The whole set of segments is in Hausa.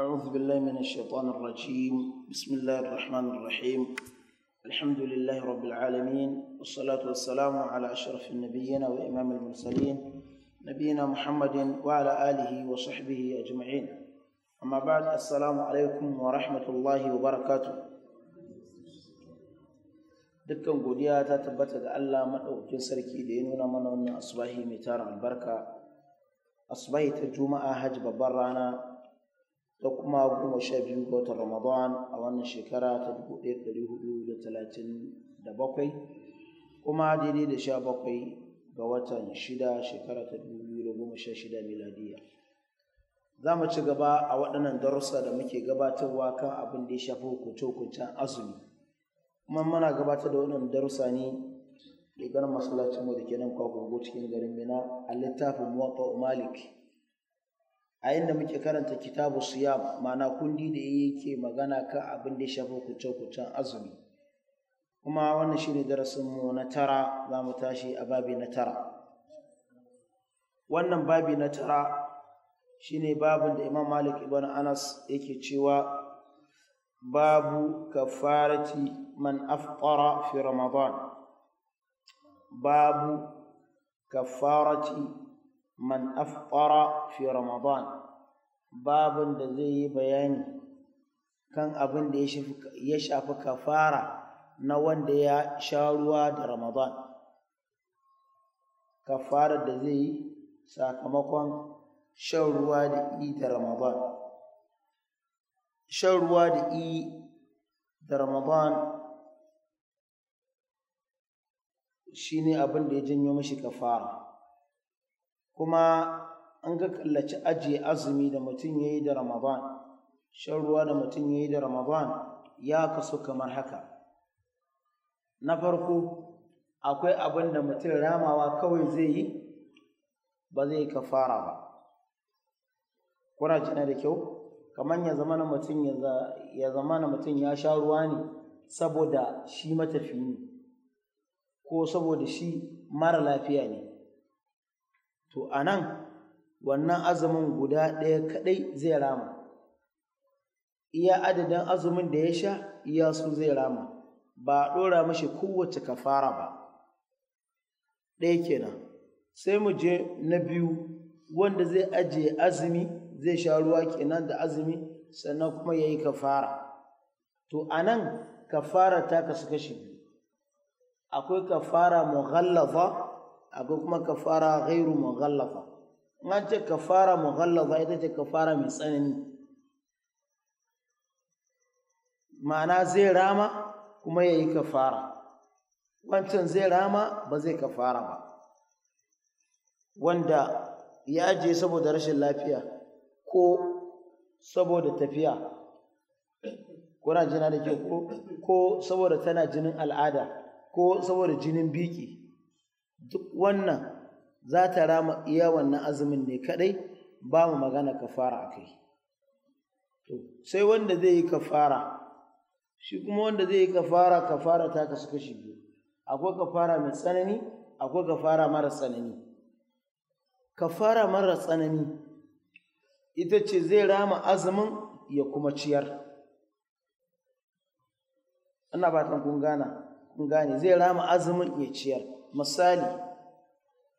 أعوذ بالله من الشيطان الرجيم بسم الله الرحمن الرحيم الحمد لله رب العالمين والصلاة والسلام على أشرف النبيين وإمام المرسلين نبينا محمد وعلى آله وصحبه أجمعين أما بعد السلام عليكم ورحمة الله وبركاته dukkan godiya ta tabbata ga Allah maɗaukin sarki da ya nuna mana wannan asubahi mai tarin albarka asubahi ta kuma goma sha biyu ga watan ramadan a wannan shekara ta dubu ɗaya ɗari hudu da talatin da bakwai kuma daidai da sha bakwai ga watan shida shekara ta dubu biyu da goma sha shida miladiya za mu ci gaba a waɗannan darussa da muke gabatarwa kan abin da ya shafi hukunce-hukuncen azumi kuma muna gabatar da waɗannan darussa ne daga masallacin mu da ke nan kwakwago cikin garin mina a littafin muwatta malik a inda muke karanta kitabu siyam ma'ana kundi da yake magana kan abin da ya shafi kuce azumi kuma wannan ne darasinmu na tara za mu tashi a babi na tara wannan babi na tara shi ne babin da imam malik ibn anas yake cewa babu kafarati man afqara fi ramadan babu kafarati man afqara fi ramadan babin da zai yi bayani kan abin da ya shafi kafara na wanda ya sha ruwa da ramadan kafarar da zai yi sakamakon shan ruwa da i da ramadan shan ruwa da i da ramadan shi ne abin da ya janyo mashi kafara kuma an ga kallaci ajiye azumi da mutum ya yi da ramadan shan ruwa da mutum ya yi da ramadan ya kasu kamar haka na farko akwai abin da mutum ramawa kawai zai yi ba zai fara ba kuna cina da kyau kamar ya zama mutum ya zama na mutum ya sha ruwa ne saboda shi matafi ne ko saboda shi mara lafiya ne to a nan wannan azumin guda ɗaya kaɗai zai rama iya adadin azumin da ya sha iya su zai rama ba a ɗora mashi kowace kafara ba ɗaya kenan sai mu je na biyu wanda zai ajiye azumi zai sha ruwa kenan da azumi sannan kuma ya yi kafara to a nan kafara ta kasu kashi biyu akwai kafara mughallafa akwai kuma kafara ghairu mughallafa in an ce kafara mughallafa ita ce kafara mai tsanani ma'ana zai rama kuma ya yi kafara wancan zai rama ba zai kafara ba wanda ya ajiye saboda rashin lafiya ko saboda tafiya kuna jina da ke ko saboda tana jinin al'ada ko saboda jinin biki duk wannan za ta rama iya wannan azumin ne kadai ba mu magana kafara a kai to sai wanda zai yi kafara shi kuma wanda zai yi kafara kafara ta kasu kashi biyu akwai kafara mai tsanani akwai kafara mara tsanani kafara mara tsanani ita ce zai rama azumin ya kuma ciyar ana fatan kun gane zai rama azumin ya ciyar misali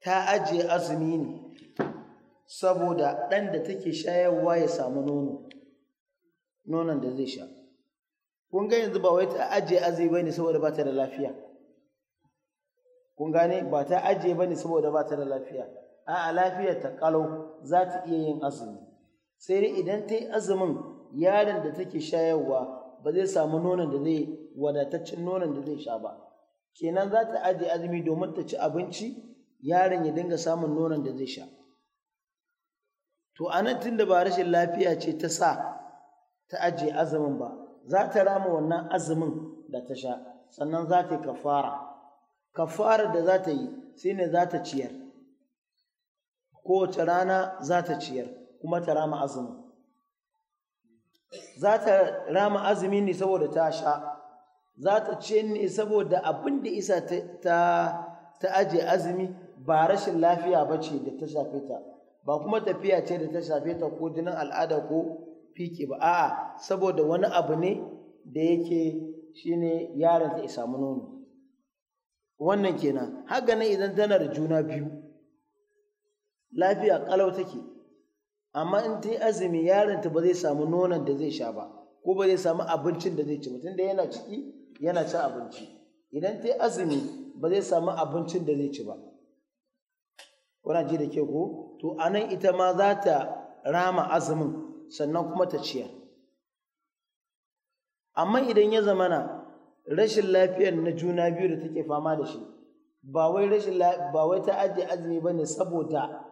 ta ajiye azumi ne saboda ɗan da take shayarwa ya samu nono nonon da zai sha kun ga yanzu ba wai ta ajiye azumi ba ne saboda ba ta da lafiya kun gane ba ta ajiye ba ne saboda ba ta da lafiya a'a lafiyar ta kalau za ta iya yin azumi sai dai idan ta yi azumin yaron da take shayarwa ba zai samu nonon da zai wadataccen nonon da zai sha ba kenan za ta ajiye azumi domin ta ci abinci yaron ya dinga samun nonon da zai sha to anan tun da ba rashin lafiya ce ta sa ta ajiye azumin ba za ta rama wannan azumin da ta sha sannan za ta yi kafara kafara da za ta yi sai ne za ta ciyar kowace rana za ta ciyar kuma ta rama azumin za ta rama azumi ne saboda ta sha za ta ce ne saboda abin da isa ta aje azumi ba rashin lafiya ba ce da ta shafe ta ba kuma tafiya ce da ta shafe ta ko jinin al'ada ko fiki ba a'a saboda wani abu ne da yake shine yaron ta isa nono wannan kenan haka nan idan tana da juna biyu lafiya kalau take amma in ta yi azumi yaron ta ba zai samu nonon da zai sha ba ko ba zai samu abincin da zai ci mutum da yana ciki yana cin abinci idan ta azumi ba zai samu abincin da zai ci ba kuna ji da ke ko to anan ita ma za ta rama azumin sannan kuma ta ciya amma idan ya zamana rashin lafiyar na juna biyu da take fama da shi ba wai rashin ba wai ta ajiye azumi ba ne saboda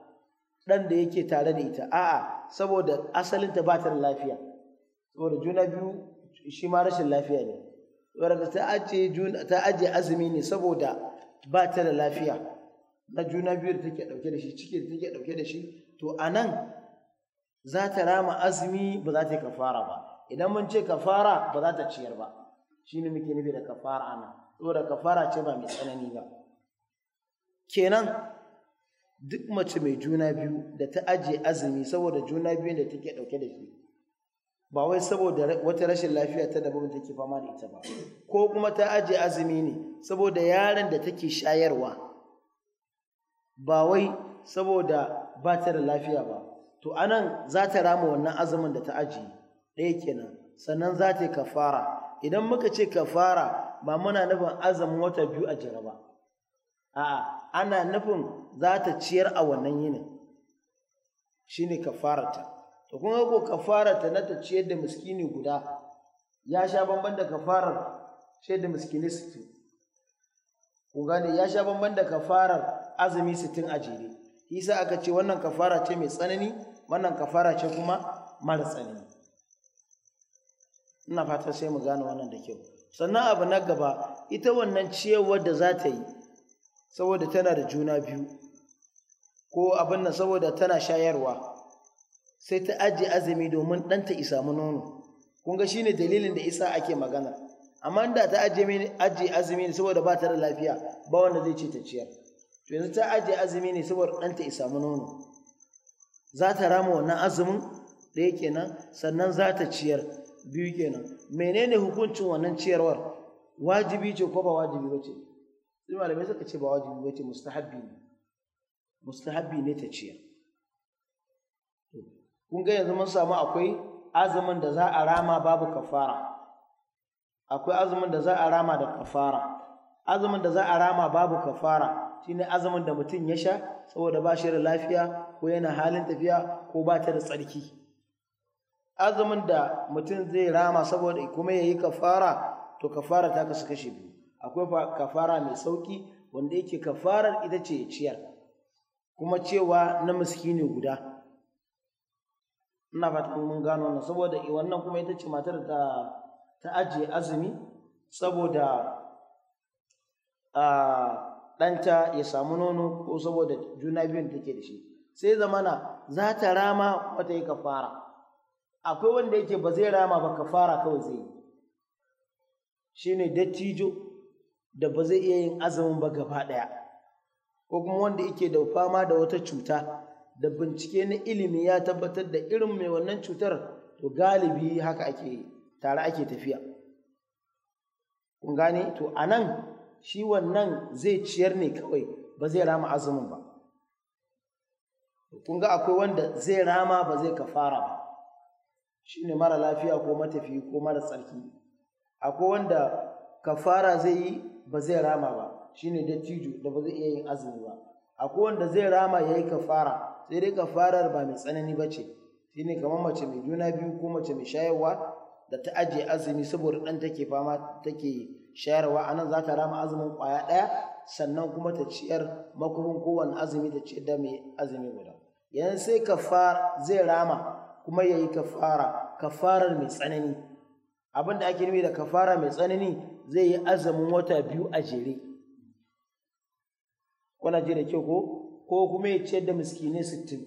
ɗan da yake tare da ita a'a saboda asalinta ba ta da lafiya saboda juna biyu shi ma rashin lafiya ne wadda ta ajiye azumi ne saboda ba ta da lafiya na juna biyu da take dauke da shi ciki da take dauke da shi to a nan za ta rama azumi ba za ta yi kafara ba idan mun ce kafara ba za ta ciyar ba shi ne muke nufi da kafara anan nan saboda kafara ce ba mai tsanani ba kenan duk mace mai juna biyu da ta ajiye azumi saboda juna biyu da take dauke da shi ba wai saboda wata rashin lafiya ta da babu take fama da ita ba ko kuma ta aje azumi ne saboda yaron da take shayarwa ba wai saboda ba ta da lafiya ba to anan za ta rama wannan azumin da ta aje ɗaya kenan sannan za ta yi kafara idan muka ce kafara ba muna nufin azumin wata biyu a jira a'a ana nufin za ta ciyar a wannan yinin shine kafarata to kun ga ko kafara ta na ta ciyar da miskini guda ya sha bamban da kafarar ciyar da miskini sittin kun gane ya sha bamban da kafarar azumi sittin a jere isa aka ce wannan kafara ce mai tsanani wannan kafara ce kuma mara tsanani ina fata sai mu gane wannan da kyau sannan abu na gaba ita wannan ciyarwar da za ta yi saboda tana da juna biyu ko abin nan saboda tana shayarwa sai ta ajiye azumi domin ɗanta isa mu nono kun ga shine dalilin da isa ake magana amma da ta ajiye azumi ne saboda ba ta da lafiya ba wanda zai ce ta ciyar to yanzu ta ajiye azumi ne saboda ɗanta isa mu nono za ta rama wannan azumin ɗaya kenan sannan za ta ciyar biyu kenan menene hukuncin wannan ciyarwar wajibi ce ko ba wajibi ba ce sai malamai suka ce ba wajibi ba ce mustahabbi ne mustahabbi ne ta ciyar kun ga yanzu mun samu akwai azumin da za a rama babu kafara akwai azumin da za a rama da kafara azumin da za a rama babu kafara shine azumin da mutum ya sha saboda ba shi da lafiya ko yana halin tafiya ko ba ta da tsarki azumin da mutum zai rama saboda kuma ya yi kafara to kafara ta kasu kashe biyu akwai kafara mai sauki wanda yake kafarar ita ce ciyar kuma cewa na miskini guda ina fatan mun gano wannan saboda wannan kuma ita ce matar da ta ajiye azumi saboda a ah, ɗanta ya samu nono ko saboda juna biyun take da shi sai zamana za ta rama wata yi kafara akwai wanda yake ba zai rama ba kafara kawai zai yi shine dattijo da ba zai iya yin azumin ba gaba ɗaya ko kuma wanda yake da fama da wata cuta da bincike na ilimi ya tabbatar da irin mai wannan cutar to galibi haka ake tare ake tafiya kun gane to a nan shi wannan zai ciyar ne kawai ba zai rama azumin ba kun akwai wanda zai rama ba zai ka fara ba shi ne mara lafiya ko matafi ko mara tsarki akwai wanda ka fara zai yi ba zai rama ba shi ne dattijo da ba zai iya yin azumi ba akwai wanda zai rama ya yi ka fara. sai dai kafarar ba mai tsanani ba ce shine kamar mace mai juna biyu ko mace mai shayarwa da ta ajiye azumi saboda ɗan take fama take shayarwa anan za ta rama azumin ƙwaya ɗaya sannan kuma ta ciyar makurin kowane azumi ta ciyar da mai azumi guda yanzu sai kafar zai rama kuma ya yi kafara kafarar mai tsanani abin da ake nufi da kafara mai tsanani zai yi azumin wata biyu a jere kuna ji da kyau ko ko kuma ya ciyar da miskinai sittin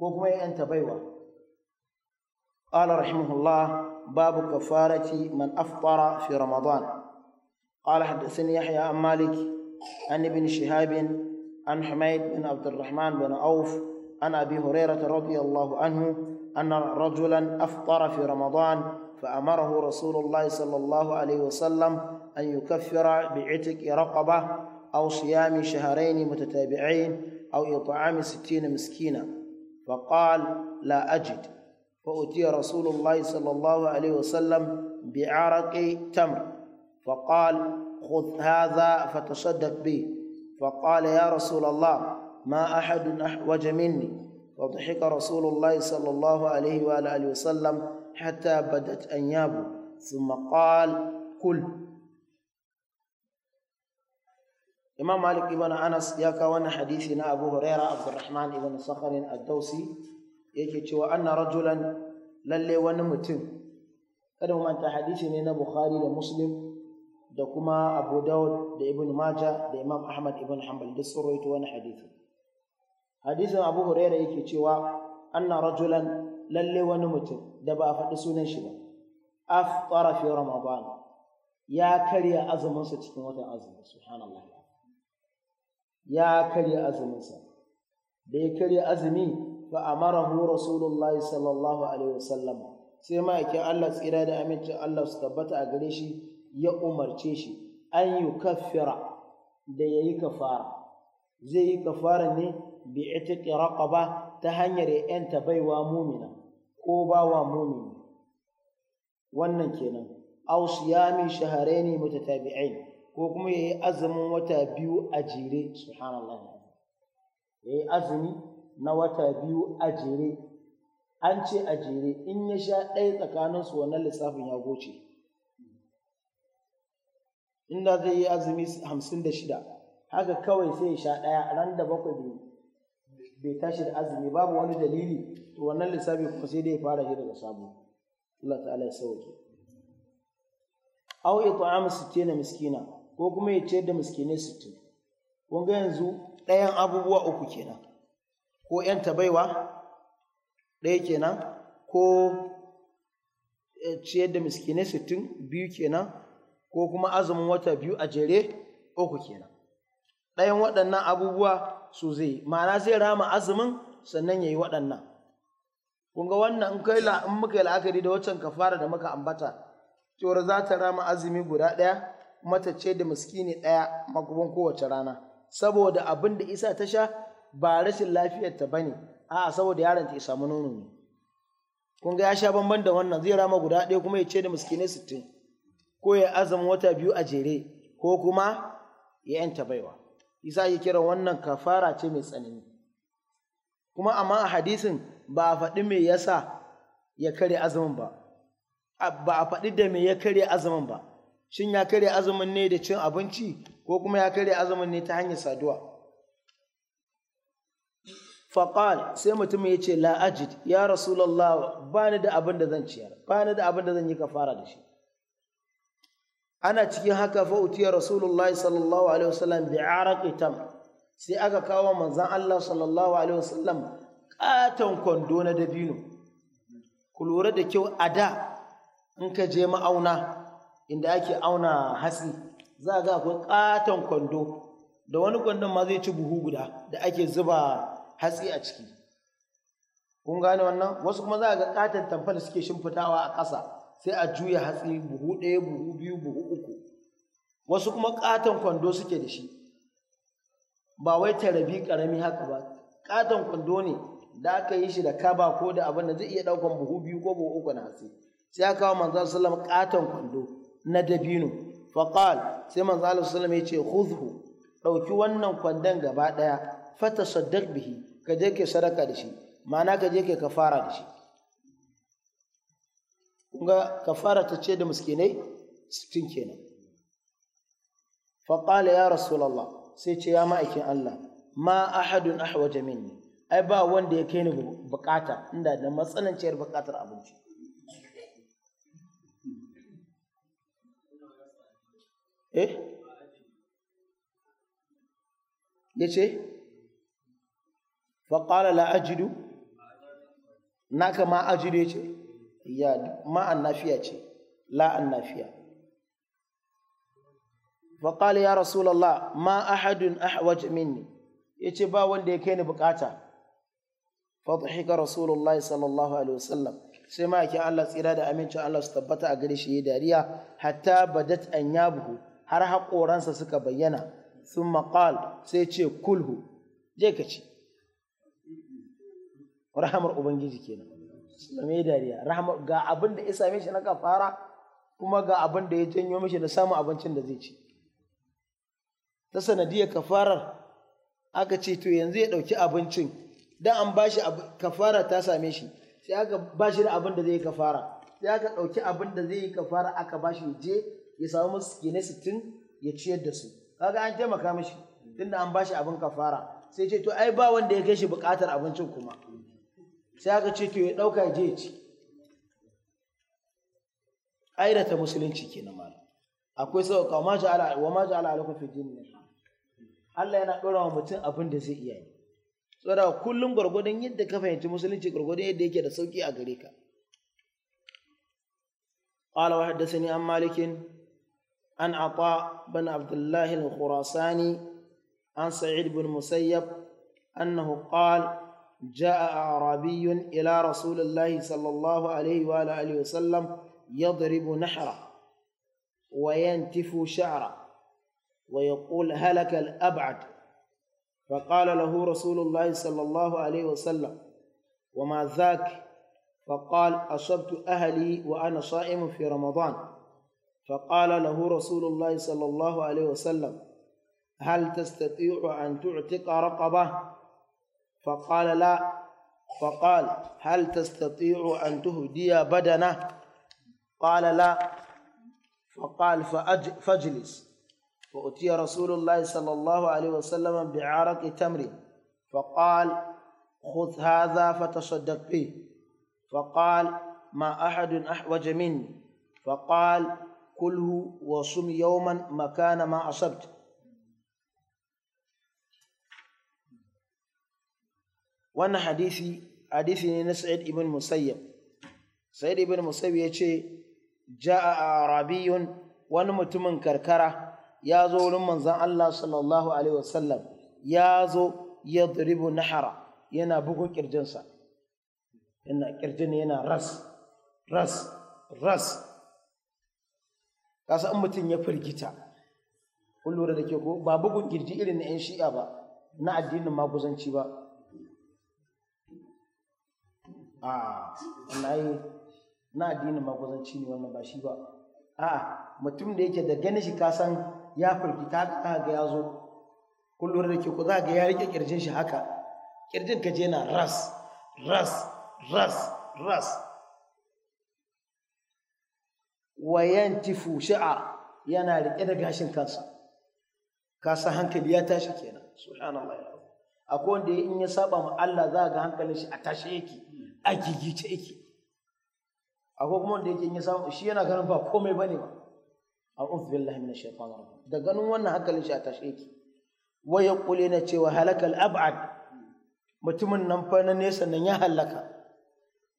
ko kuma ya yanta baiwa qala rahimahullah babu kafarati man aftara fi ramadan qala haddathani yahya an malik an ibn shihab an humayd bin abd bin auf an abi hurairah radiyallahu anhu أن رجلا أفطر في رمضان فأمره رسول الله صلى الله عليه وسلم أن يكفر بعتق رقبة أو صيام شهرين متتابعين أو إطعام ستين مسكينا فقال لا أجد فأتي رسول الله صلى الله عليه وسلم بعرق تمر فقال خذ هذا فتصدق به فقال يا رسول الله ما أحد أحوج مني فضحك رسول الله صلى الله عليه وآله وسلم حتى بدت أنيابه ثم قال كل imam malik ibn anas ya kawo wannan hadisi na abu huraira abdurrahman ibn sakharin ad-dausi yake cewa anna rajulan lalle wani mutum kada mu manta hadisi ne na bukhari da muslim da kuma abu dawud da ibn majah da imam ahmad ibn hanbal duk sun rawaito wani hadisi hadisin abu huraira yake cewa anna rajulan lalle wani mutum da ba a faɗi sunan shi ba aftara fi ramadan ya karya azumin sa cikin watan azumi subhanallah ya karya azuminsa da ya karya azumi fa amarahu rasulullah sallallahu alaihi wasallam sai ma'aikin Allah tsira da amincin Allah su tabbata a gare shi ya umarce shi an yi kaffira da ya yi kafara zai yi kafara ne bi ƙiraƙa ba? ta hanyar ya yanta baiwa mumina ko bawa mumini wannan kenan shaharai siyami shahrayn mutatabi'ain ko kuma ya yi azumin wata biyu a jere subhanallah ya yi azumi na wata biyu a jere an ce a jere in ya sha ɗaya tsakaninsu wannan lissafin ya goce inda zai yi azumi hamsin da shida haka kawai sai ya sha ɗaya ran da bakwai bai tashi da azumi babu wani dalili to wannan lissafi kuma sai dai ya fara shi daga sabo Allah ta'ala ya sauke aw it'am sittina miskina ko kuma ya ciyar da miskinai sittin kun ga yanzu ɗayan abubuwa uku kenan ko ‘yan tabaiwa ɗaya kenan ko eh, ciyar da miskinai sittin biyu kenan ko kuma azumin wata biyu a jere uku kenan ɗayan waɗannan abubuwa su zai ma'ana zai rama azumin sannan ya yi waɗannan kun ga wannan in muka yi la'akari da waccan kafara da muka ambata cewar za ta rama azumi guda ɗaya Mata ce da miskini ɗaya magubin kowace rana saboda abin da isa ta sha ba rashin lafiyarta ba ne. a'a saboda yaron ta isa, nono ne Kunga ya sha bamban da wannan zai rama guda ɗaya kuma ya ce da miskinai sittin ko ya azumin wata biyu a jere ko kuma ya yanta baiwa isa ya kira wannan kafara ce mai tsanani kuma amma a hadisin ba a faɗi me yasa ya kare azumin ba ba a faɗi da me ya karya azumin ba shin ya karya azumin ne da cin abinci ko kuma ya karya azumin ne ta hanyar saduwa faƙal sai mutum ya ce la'ajid ya rasulullah ba ni da abin da zan ciyar ba ni da abin da zan yi kafara da shi ana cikin haka ya rasulullah sallallahu alaihi wasallam bi araq tam sai aka kawo manzan Allah sallallahu alaihi wasallam katon kwando na dabino ku lura da kyau a da in ka je ma'auna inda ake auna hatsi za a ga akwai katon kwando da wani kwandon ma zai ci buhu guda da ake zuba hatsi a ciki kun gane wannan wasu kuma za a ga katon tamfa da suke shimfitawa a ƙasa sai a juya hatsi buhu ɗaya buhu biyu buhu uku wasu kuma katon kwando suke da shi ba wai tarabi ƙarami haka ba katon kwando ne da aka yi shi da kaba ko da abin da zai iya ɗaukan buhu biyu ko buhu uku na hatsi sai aka kawo manzan sallam katon kwando na dabino faqal sai manzo Allah sallallahu alaihi wasallam ya ce khudhu dauki wannan kwandon gaba daya fata saddaq bihi ka je ke sadaka da shi ma'ana ka je ke kafara da shi kunga kafara ta ce da miskinai sittin kenan faqala ya rasulullah sai ce ya ma'aikin Allah ma ahadun ahwaja minni ai ba wanda ya kai ni bukata inda da matsananciyar bukatar abinci eh ya ce faƙala la ajidu naka ma ajidu ya ce ya ma'an nafiya ce la'an nafiya faƙala ya rasulallah ma ahadun ahwaj minni ya ce ba wanda ya kai ni bukata fadhika rasulullahi sallallahu alaihi wasallam sai ma'aikin allah tsira da amincin allah su tabbata a gare shi ya dariya hatta badat an yabuhu har haƙoransa suka bayyana sun maƙal sai ce kulhu je ka ci rahamar ubangiji kenan mai dariya ga abin da ya same shi na kafara kuma ga abin da ya janyo mishi da samun abincin da zai ci ta sanadiyar kafarar aka ce to yanzu ya ɗauki abincin dan an ba ka kafara ta same shi sai aka ba shi da abin da zai yi kafara sai aka ɗauki abin da zai yi kafara aka ba shi je ya samu musu gine sittin ya ciyar da su kaga an taimaka mashi tunda an bashi abin kafara sai ce to ai ba wanda ya kai shi bukatar abincin kuma sai aka ce to ya dauka ya je ya ci ta musulunci kenan malam akwai sau wa ma ja'ala wa ma ja'ala alaikum fi dinin Allah yana dora wa mutum abin da zai iya yi saboda kullum gwargwadon yadda ka fahimci musulunci gwargwadon yadda yake da sauki a gare ka قال وحدثني عن مالك عن عطاء بن عبد الله الخراساني عن سعيد بن مسيب أنه قال جاء أعرابي إلى رسول الله صلى الله عليه وآله وسلم يضرب نحره وينتف شعره ويقول هلك الأبعد فقال له رسول الله صلى الله عليه وسلم وما ذاك فقال أصبت أهلي وأنا صائم في رمضان فقال له رسول الله صلى الله عليه وسلم هل تستطيع أن تعتق رقبة فقال لا فقال هل تستطيع أن تهدي بدنه قال لا فقال فاجلس فأتي رسول الله صلى الله عليه وسلم بعرق تمر فقال خذ هذا فتصدق به فقال ما أحد أحوج مني فقال kulhu wa sum yawman makana ma asabt wannan hadisi hadisi ne na sa'id ibn musayyab sa'id ya ce, ja ja'a arabiyun wani mutumin karkara ya zo wurin manzon Allah sallallahu alaihi wasallam ya zo ya duribu nahara yana bugun kirjinsa yana yana ras ras ras kasa in mutum ya firgita kun lura da ke ko ba bugun girji irin na 'yan shi'a ba na addinin maguzanci ba a yi na addinin maguzanci ne wannan ba shi ba a mutum da yake da gani shi kasan ya firgita ka ga ya zo kun lura da ke ko za ga ya rike kirjin shi haka kirjin ka je na ras ras ras ras wa yantifu sha'a yana rike da gashin kansa kasa hankali ya tashi kenan subhanallahi akwai wanda in ya saba ma Allah za ga hankalin shi a tashi yake a gigice yake akwai kuma wanda yake in ya saba shi yana ganin ba komai bane ba a'udhu billahi minash shaitanir rajim da ganin wannan hankalin shi a tashi yake wa yaqulu na cewa halakal ab'ad mutumin nan fa na nesa nan ya halaka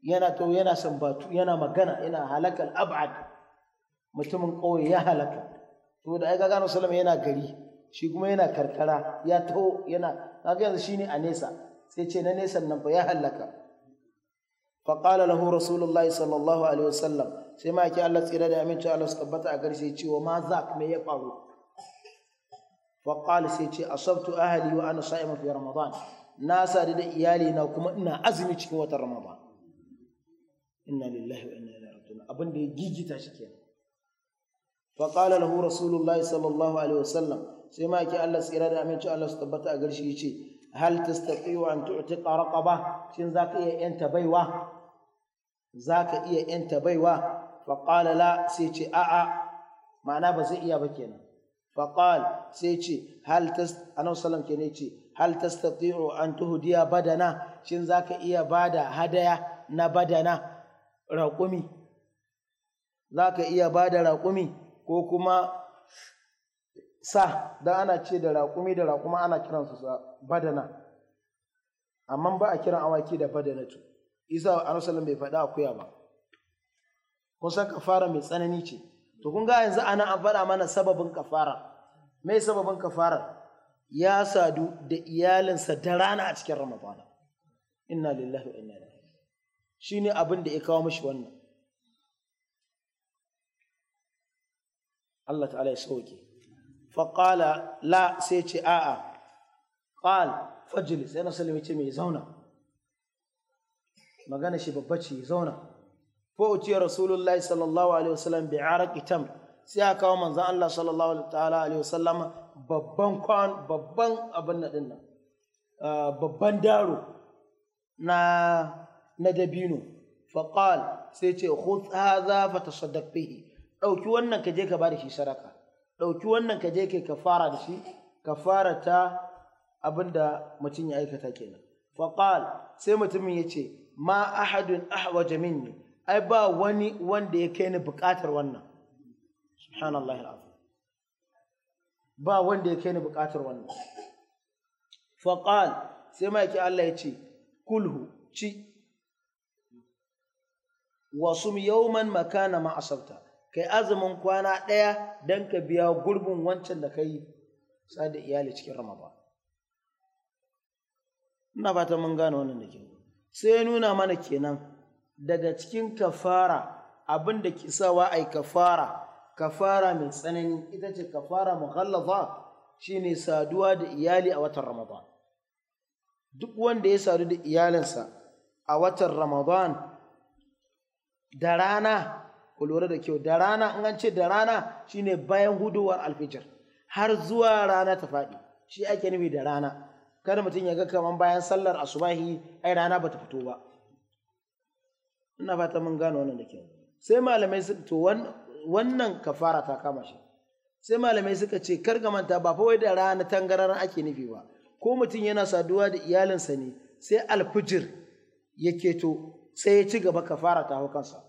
yana to yana sambatu yana magana yana halakal ab'ad mutumin ƙauye ya halaka to da aika gano salama yana gari shi kuma yana karkara ya taho yana kaga yanzu shine a nesa sai ce na nesan nan fa ya halaka fa qala lahu rasulullah sallallahu alaihi wasallam sai ma ki Allah tsira da aminci Allah su tabbata a gari sai ce wa ma za me ya faru fa qala sai ce asabtu ahli wa ana sa'imun fi ramadan na sadu da iyali na kuma ina azumi cikin watan ramadan inna lillahi wa inna ilaihi raji'un abin da ya gigita shi kenan faƙala lahu rasulullahi sallallahu alaihi wasallam sai ma yake Allah tsira da aminci Allah su tabbata a garshi ya ce hal tastati'u an tu'tiqa raqaba shin zaka iya yanta baiwa zaka iya yanta baiwa faƙala la sai ce a'a ma'ana ba zai iya ba kenan faƙal sai ce hal tas anau salam ke ne ce hal tastati'u an tuhdiya badana shin zaka iya bada hadaya na badana raƙumi zaka iya bada raƙumi ko kuma sa da ana ce da raƙumi da raƙuma ana kiransu sa badana amma ba a kiran awaki da badanatu isa rasulun bai faɗi akuya ba kun san kafara mai tsanani ce to kun ga yanzu ana an faɗa mana sababin kafara mai sababin kafara ya sadu da iyalinsa da rana a cikin ramadana inna lillahi wa inna ilaihi shine abin da ya kawo mashi wannan Allah ta'ala ya sauke faƙala la sai ce a'a ƙal fajili sai na salami ce mai zauna magana shi babba ce zauna ko uciya rasulullahi sallallahu alaihi wasallam bi arak itam sai aka kawo manzan Allah sallallahu alaihi wasallam babban kwan babban abin na dinnan ah, babban daro na na dabino faƙal sai ce khudh hadha fatasaddaq bihi ɗauki wannan ka je ka ba da shi saraka ɗauki wannan ka je kai fara da shi fara ta abinda mutum ya aikata kenan Faƙal sai mutumin ya ce ma ahadun ahwaja ne ai ba wani wanda ya kai ni buƙatar wannan subhanallah alazim ba wanda ya kai ni buƙatar wannan Faƙal sai ma yake Allah ya ce kulhu ci wasum yawman makana ma asabta kai azumin kwana ɗaya don ka biya gurbin wancan da ka yi da iyali cikin ramadan ina fata mun gane wannan da ke sai ya nuna mana kenan daga cikin kafara abin da ke sawa ai kafara kafara mai tsanani ita ce kafara mughallaza shine saduwa da iyali a watan ramadan duk wanda ya sadu da iyalinsa a watan ramadan da rana ku lura da kyau da rana in an ce da rana shine bayan huduwar alfijir har zuwa rana ta faɗi shi ake nufi da rana kada mutum ya ga kaman bayan sallar asubahi ai rana bata fito ba ina fata mun gano wannan da kyau sai malamai su to wannan kafara ta kama shi sai malamai suka ce kar ga manta ba fa wai da rana tangaran ake nufi ba ko mutum yana saduwa da iyalinsa ne sai alfijir ya keto sai ya ci gaba kafara ta hukansa. kansa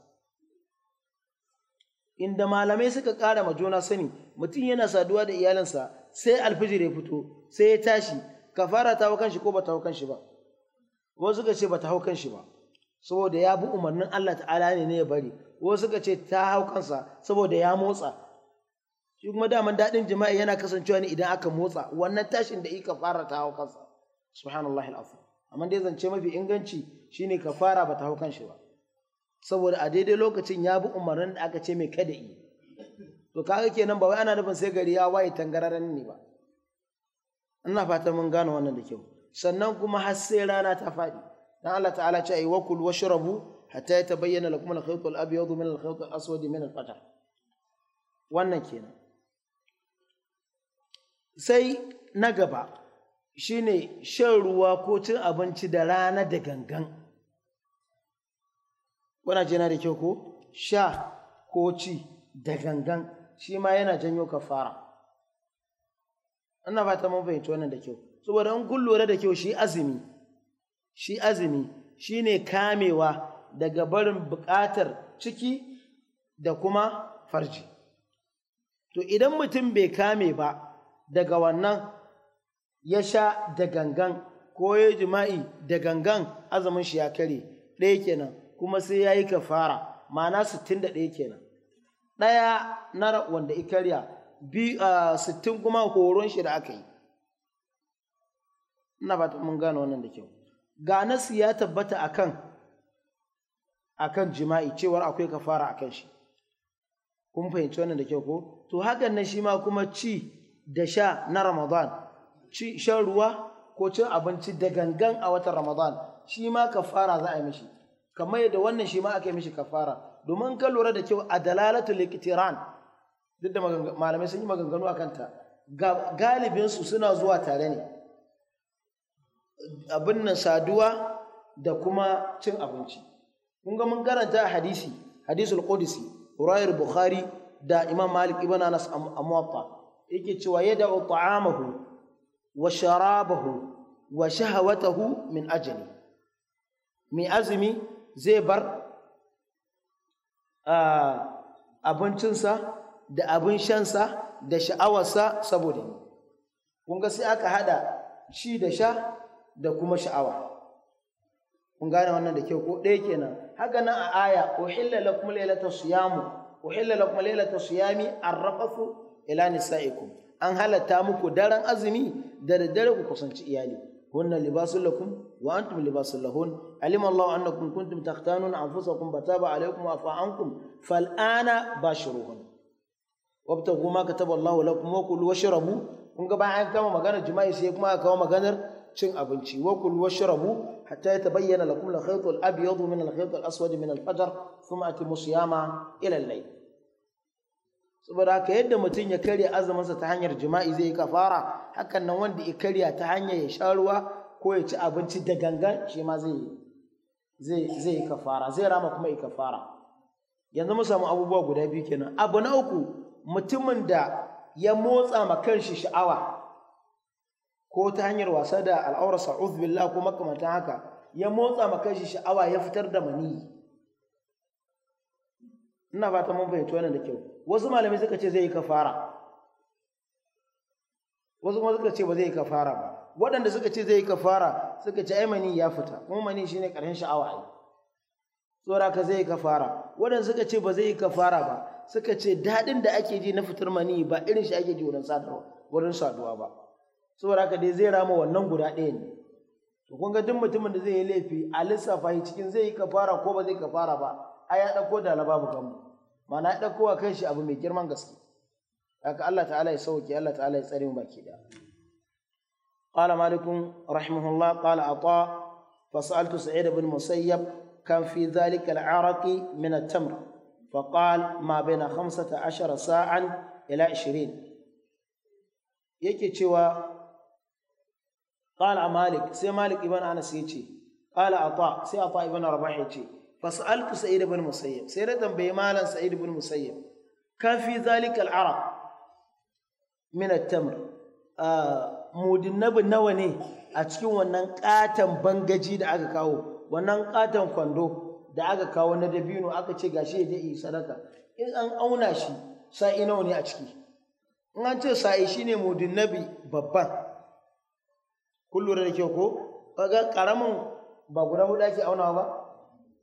inda malamai suka ƙara ma juna sani mutum yana saduwa da iyalinsa sai alfijir ya fito sai ya tashi kafara ta hau kanshi ko ba ta kanshi ba wasu suka ce ba ta kanshi ba saboda ya bi umarnin Allah ta'ala ne ne ya bari wasu suka ce ta hau kansa saboda ya motsa shi kuma daman daɗin jima'i yana kasancewa ne idan aka motsa wannan tashin da ika fara ta hau kansa subhanallahi al'azim amma dai zance mafi inganci shine fara ba ta hau kanshi ba saboda a daidai lokacin ya bi umarnin da aka ce mai kada yi to kaga kenan ba wai ana nufin sai gari ya waye tangararren ne ba ina fatan mun gane wannan da kyau sannan kuma har sai rana ta faɗi dan Allah ta'ala ce ai wakul washrabu hatta yatabayyana lakum al-khayt al-abyad min al-khayt al-aswad min al-fajr wannan kenan sai na gaba shine shan ruwa ko cin abinci da rana da gangan kuna jina da kyau ko sha ko ci da gangan shi ma yana janyo kafara ina fata mun fahimci wannan da kyau saboda in kun lura da kyau shi azumi shi azumi shine kamewa daga barin buƙatar ciki da kuma farji to idan mutum bai kame ba daga wannan ya sha da gangan ko ya jima'i da gangan azumin shi ya kare ɗaya kenan kuma sai ya yi kafara ma'ana ɗaya kenan ɗaya na wanda ikarya sittin kuma horon shi da aka yi ina ba mun gane wannan da kyau ga nasu ya tabbata akan akan jima'i cewar akwai kafara akan shi kun fahimci wannan da kyau ko to hakan nan shi ma kuma ci da sha na ramadan ci shan ruwa ko cin abinci da gangan a watan ramadan shi ma kafara za a yi mishi kamar yadda wannan shi ma aka yi mishi kafara domin ka lura da kyau a dalalatu liqtiran duk da malamai sun yi maganganu a kanta galibinsu suna zuwa tare ne abin nan saduwa da kuma cin abinci kun ga mun karanta hadisi hadisul qudsi rayar bukhari da imam malik ibn anas amwatta yake cewa yada'u ta'amahu wa sharabahu wa shahawatahu min ajli mai azumi zai bar abincinsa da abin shansa da sha'awarsa saboda ni kunga sai aka hada shi da sha da kuma sha'awa kun gane wannan da kyau ko ɗaya kenan haka nan a aya uhilla lakum laylata siyamu uhilla lakum laylata siyami arrafathu ila nisaikum an halatta muku daren azumi da daddare ku kusanci iyali hunna libasul lakum wa antum libasul lahun alima Allah annakum kuntum takhtanun anfusakum fataba alaykum wa afa ankum fal'ana bashiruhun wabtagu ma kataba Allah lakum wa kulu washrabu kun ga bayan an kama maganar jima'i sai kuma aka kawo maganar cin abinci wa kulu washrabu hatta yatabayyana lakum al-khayt al-abyad min al-khayt al-aswad min al-fajr thumma atimu siyama ila saboda haka yadda mutum ya karya azuminsa ta hanyar jima'i zai yi kafara hakan nan wanda ya karya ta hanyar ya sha ruwa ko ya ci abinci da gangan shi ma zai zai yi kafara zai rama kuma yi kafara yanzu mu samu abubuwa guda biyu kenan abu na uku mutumin da ya motsa ma kanshi sha'awa ko ta hanyar wasa da al'aurarsa uzbillah ko makamantan haka ya motsa ma kanshi sha'awa ya fitar da maniyi ina fata mun fahimci wannan da kyau wasu malamai suka ce zai yi kafara wasu ma suka ce ba zai yi kafara ba waɗanda suka ce zai yi kafara suka ce aimani ya fita kuma mani shine ƙarshen sha'awa ai tsora ka zai yi kafara waɗanda suka ce ba zai yi kafara ba suka ce daɗin da ake ji na fitar mani ba irin shi ake ji wurin sadarwa wurin saduwa ba saboda ka dai zai rama wannan guda ɗaya ne to kun ga duk mutumin da zai yi laifi a lissafa shi cikin zai yi kafara ko ba zai kafara ba ai ya ɗauko da babu kanmu mana ya ɗauko wa shi abu mai girman gaske haka Allah ta'ala ya sauke Allah ta'ala ya tsare mu baki da qala malikun rahimahullah qala ata fasaltu sa'id ibn musayyab kan fi dhalika al-araqi min at-tamr فقال ما بين خمسة عشر ساعا إلى عشرين yake cewa qala malik sai malik ibn anas yace qala ata sai ata ibn rabah yace Fasa'altu Sa'idu bin Musayyar, sai na tambayi Malam Sa'idu bin Musayyar. Ka fi zali kal'ara. Minantamur, Mudunnabi nawa ne a cikin wannan ƙaton bangaji da aka kawo, wannan ƙaton kwando da aka kawo na dabino aka ce ga shi ya yi sadaka? In an auna shi, Sa'i nawa ne a ciki? In an ce Sa'i shine ne Mudunnabi babban. Kullum da ke ko, karamin ba guda huɗu ake auna ba?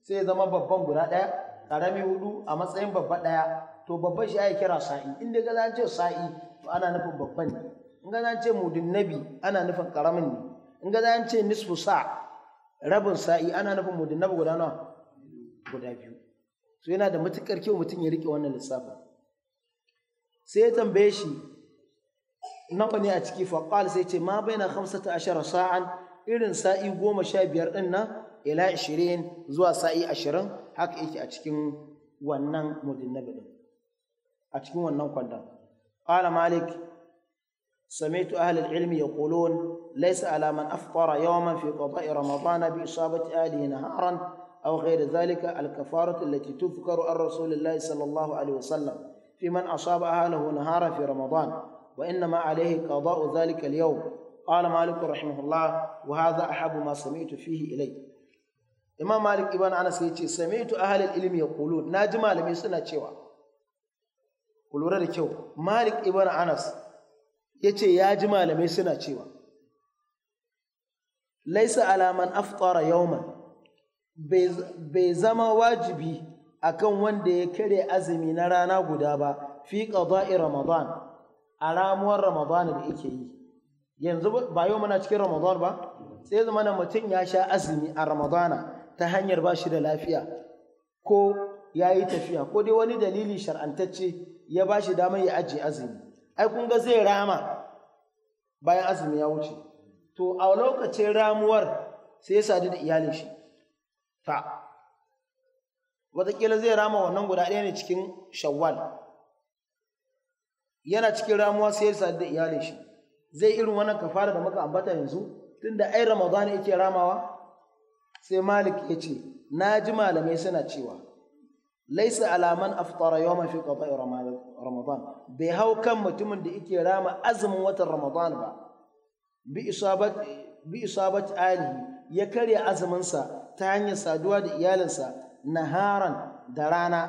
sai ya zama babban guda ɗaya ƙarami hudu a matsayin babba ɗaya to babban shi ake kira sa'i in dai gaza ce sa'i to ana nufin babban ne in gaza ce mudin nabi ana nufin ƙaramin ne in gaza ce nisfu sa rabin sa'i ana nufin mudin nabi guda nawa guda biyu so yana da matuƙar kyau mutum ya riƙe wannan lissafin sai ya tambaye shi nawa ne a ciki faqal sai ce ma baina na hamsata ashara sa'an irin sa'i goma sha biyar ɗin nan ila 20 zuwa sa'i 20 haka yake a cikin wannan mudinnabi din a cikin wannan kwandan qala malik سمعت أهل العلم يقولون ليس على من أفطر يوما في قضاء رمضان بإصابة أهله نهارا أو غير ذلك الكفارة التي تذكر عن رسول الله صلى الله عليه وسلم في من أصاب أهله نهارا في رمضان وإنما عليه قضاء ذلك اليوم قال مالك رحمه الله وهذا أحب ما سمعت فيه إليه imam malik ibn anas ya ce sami'tu ahlul ilmi yaqulun naji malamai suna cewa ku da kyau malik ibn anas ya ce ya ji malamai suna cewa laisa alaman aftara yawman bai zama wajibi akan wanda ya kare azumi na rana guda ba fi qada'i ramadan a ramuwar ramadan da yake yi yanzu ba yau muna cikin ramadan ba sai zama na mutum ya sha azumi a ramadana ta hanyar ba shi da lafiya ko ya yi tafiya ko dai wani dalili shar'antacce ya ba shi damar ya ajiye azumi ai kun ga zai rama bayan azumi ya wuce to a lokacin ramuwar sai ya sadu da iyalin shi ta wataƙila zai rama wannan guda ɗaya ne cikin shawwal yana cikin ramuwa sai ya sadu da iyalin shi zai irin wannan kafara da muka ambata yanzu tunda ai ramadana yake ramawa sai malik ya ce na ji malamai suna cewa laisa alaman aftara yawma mafi qada'i ramadan bai hau kan mutumin da yake rama azumin watan ramadan ba bi isabat Ali ya karya azuminsa ta hanyar saduwa da iyalinsa naharan da rana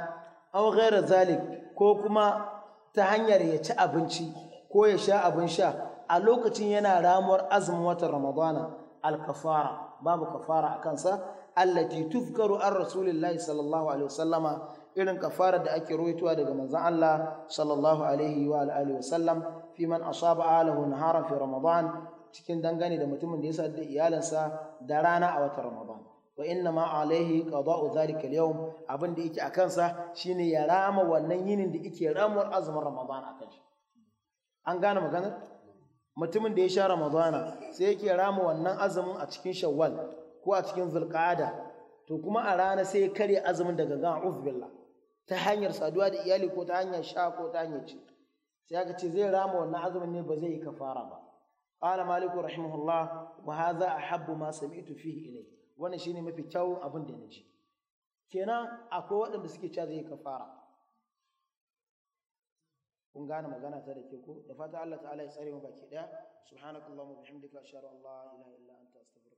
aw ghayra zalik ko kuma ta hanyar ya ci abinci ko ya sha abin sha a lokacin yana ramuwar azumin watan ramadana alkafara babu kafara a kansa allati tufkaru an rasulillahi sallallahu alaihi wasallama irin kafarar da ake ruwaitowa daga manzon Allah sallallahu alaihi wa alihi wasallam fi man asaba alahu nahara fi ramadan cikin dangane da mutumin da ya sadu da iyalansa da rana a watan ramadan wa inna ma alaihi qada'u dhalika al-yawm abin da yake akan sa shine ya rama wannan yinin da yake ramuwar azumin ramadan akan shi an gane maganar mutumin da ya sha ramadana sai yake rama wannan azumin a cikin shawwal ko a cikin zulqa'ada to kuma a rana sai ya karya azumin daga ga uzbillah ta hanyar saduwa da iyali ko ta hanyar sha ko ta hanyar ci sai aka ce zai rama wannan azumin ne ba zai yi kafara ba qala maliku rahimahullah wa hadha ahabbu ma sami'tu fihi ilay wannan shine mafi kyau abin da naji kenan akwai waɗanda suke cewa zai yi kafara kun gane magana ta da ke ko da fata Allah ta'ala ya tsare mu baki daya subhanakallahumma bihamdika ashhadu an la ilaha illa anta astaghfiruka